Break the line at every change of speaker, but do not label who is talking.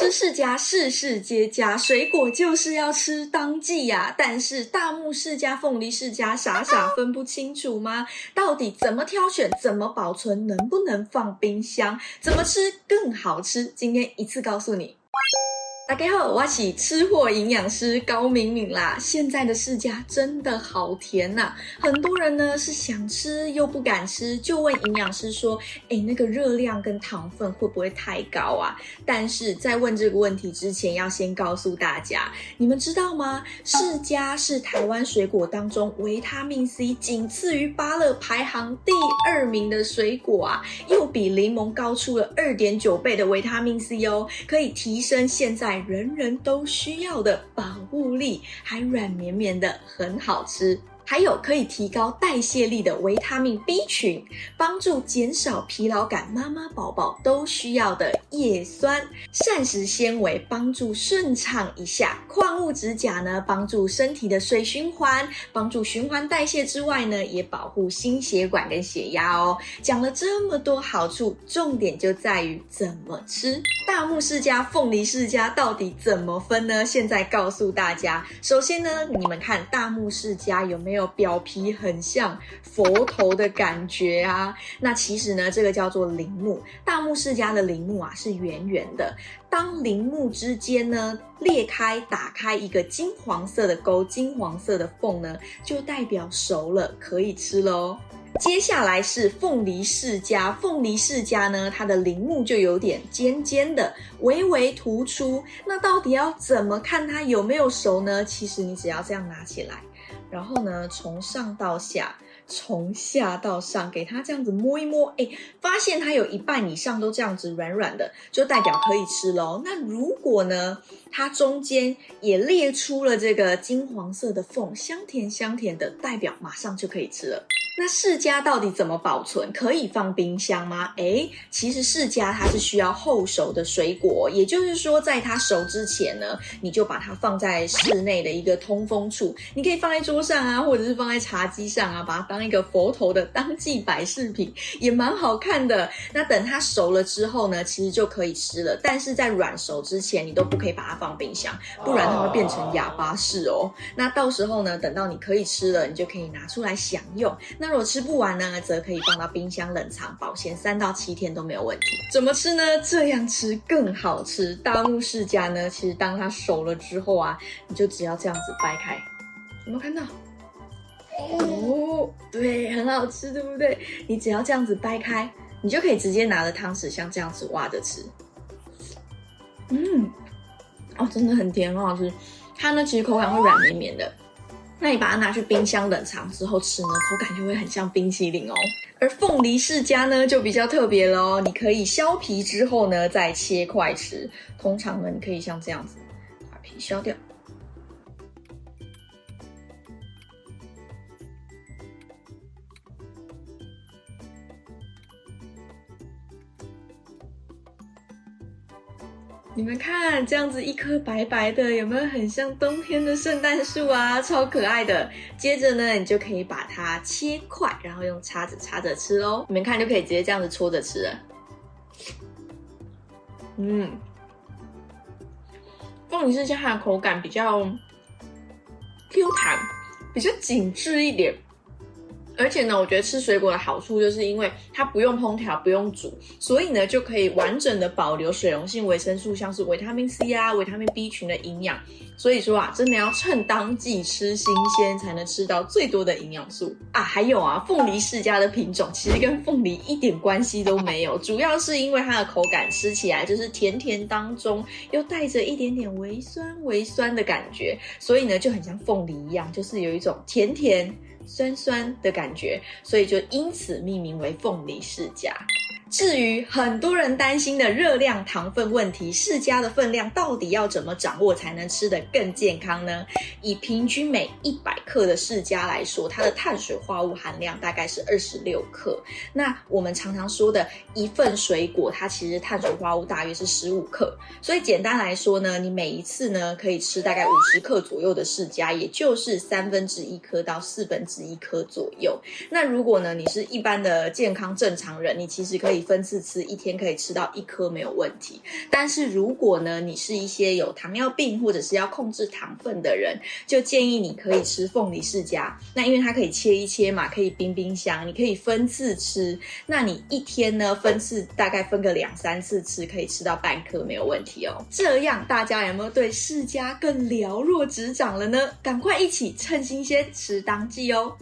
吃釋迦，事事皆佳，水果就是要吃當季呀、啊。但是大目釋迦、鳳梨釋迦傻傻分不清楚嗎？到底怎麼挑選、怎麼保存、能不能放冰箱、怎麼吃更好吃？今天一次告訴你。大家好，我是吃貨營養師高敏敏啦。現在的釋迦真的好甜吶、啊，很多人呢是想吃又不敢吃，就問營養師說：“誒、欸，那個熱量跟糖分會不會太高啊？”但是在問這個問題之前，要先告訴大家，你們知道嗎？釋迦是台灣水果當中維他命 C 僅次於芭樂排行第二名的水果啊，又比檸檬高出了二點九倍的維他命 C 哦，可以提升現在。人人都需要的保護力，還軟綿綿的，很好吃。還有可以提高代謝力的維他命 B 群，幫助減少疲勞感。媽媽寶寶都需要的葉酸、膳食纖維，幫助順暢一下。礦物質鉀呢，幫助身體的水循環，幫助循環代謝之外呢，也保護心血管跟血壓哦。講了這麼多好處，重點就在於怎麼吃。大目釋迦、鳳梨釋迦到底怎麼分呢？現在告訴大家，首先呢，你們看大目釋迦有沒有？表皮很像佛頭的感覺啊，那其實呢，這個叫做鱗目，大目釋迦的鱗目啊是圓圓的。當鱗目之間呢裂開，打開一個金黃色的溝、金黃色的縫呢，就代表熟了，可以吃了哦。接下來是鳳梨釋迦，鳳梨釋迦呢，它的鱗目就有點尖尖的，微微突出。那到底要怎麼看它有沒有熟呢？其實你只要這樣拿起來。然後呢，從上到下，從下到上，給它這樣子摸一摸，哎，發現它有一半以上都這樣子軟軟的，就代表可以吃嘍。那如果呢，它中間也裂出了這個金黃色的縫，香甜香甜的，代表馬上就可以吃了。那釋迦到底怎麼保存？可以放冰箱嗎？誒，其實釋迦它是需要後熟的水果，也就是說，在它熟之前呢，你就把它放在室內的一個通風處，你可以放在桌上啊，或者是放在茶幾上啊，把它當一個佛頭的當季擺飾品，也蠻好看的。那等它熟了之後呢，其實就可以吃了，但是在軟熟之前，你都不可以把它放冰箱，不然它會變成啞巴釋哦。那到時候呢，等到你可以吃了，你就可以拿出來享用。那如果吃不完呢，則可以放到冰箱冷藏保鮮三到七天都沒有問題。怎麼吃呢？這樣吃更好吃。大目釋迦呢，其實當它熟了之後啊，你就只要這樣子掰開，有沒有看到？哦，對，很好吃，對不對？你只要這樣子掰開，你就可以直接拿着湯匙像這樣子挖着吃。嗯，哦，真的很甜，很好，好吃。它呢，其實口感會軟綿綿的。那你把它拿去冰箱冷藏之後吃呢，口感就會很像冰淇淋哦。而鳳梨釋迦呢，就比較特別嘍，你可以削皮之後呢再切塊吃。通常呢，你可以像這樣子把皮削掉。你們看，這樣子一顆白白的，有沒有很像冬天的聖誕樹啊？超可愛的。接着呢，你就可以把它切塊，然後用叉子叉着吃哦。你們看，就可以直接這樣子戳着吃了。嗯，鳳梨釋迦它的口感比較 Q 彈，比較緊致一點。而且呢，我覺得吃水果的好處就是因為它不用烹調、不用煮，所以呢就可以完整的保留水溶性維生素，像是維他命 C 啊、維他命 B 群的營養。所以說啊，真的要趁當季吃新鮮，才能吃到最多的營養素啊。還有啊，鳳梨釋迦的品種其實跟鳳梨一點關係都沒有，主要是因為它的口感吃起來就是甜甜當中又帶着一點點微酸、微酸的感覺，所以呢就很像鳳梨一樣，就是有一種甜甜酸酸的感覺，所以就因此命名為鳳梨釋迦。至於很多人擔心的熱量、糖分問題，釋迦的分量到底要怎麼掌握才能吃得更健康呢？以平均每一百克的釋迦來說，它的碳水化合物含量大概是二十六克。那我們常常說的一份水果，它其實碳水化合物大約是十五克。所以簡單來說呢，你每一次呢可以吃大概五十克左右的釋迦，也就是三分之一顆到四分之一顆左右。那如果呢你是一般的健康正常人，你其實可以。分次吃，一天可以吃到一顆沒有問題。但是如果呢，你是一些有糖尿病或者是要控制糖分的人，就建議你可以吃鳳梨釋迦。那因為它可以切一切嘛，可以冰冰箱，你可以分次吃。那你一天呢，分次大概分個兩三次吃，可以吃到半顆沒有問題哦。這樣大家有沒有對釋迦更瞭若指掌了呢？趕快一起趁新鮮吃當季哦！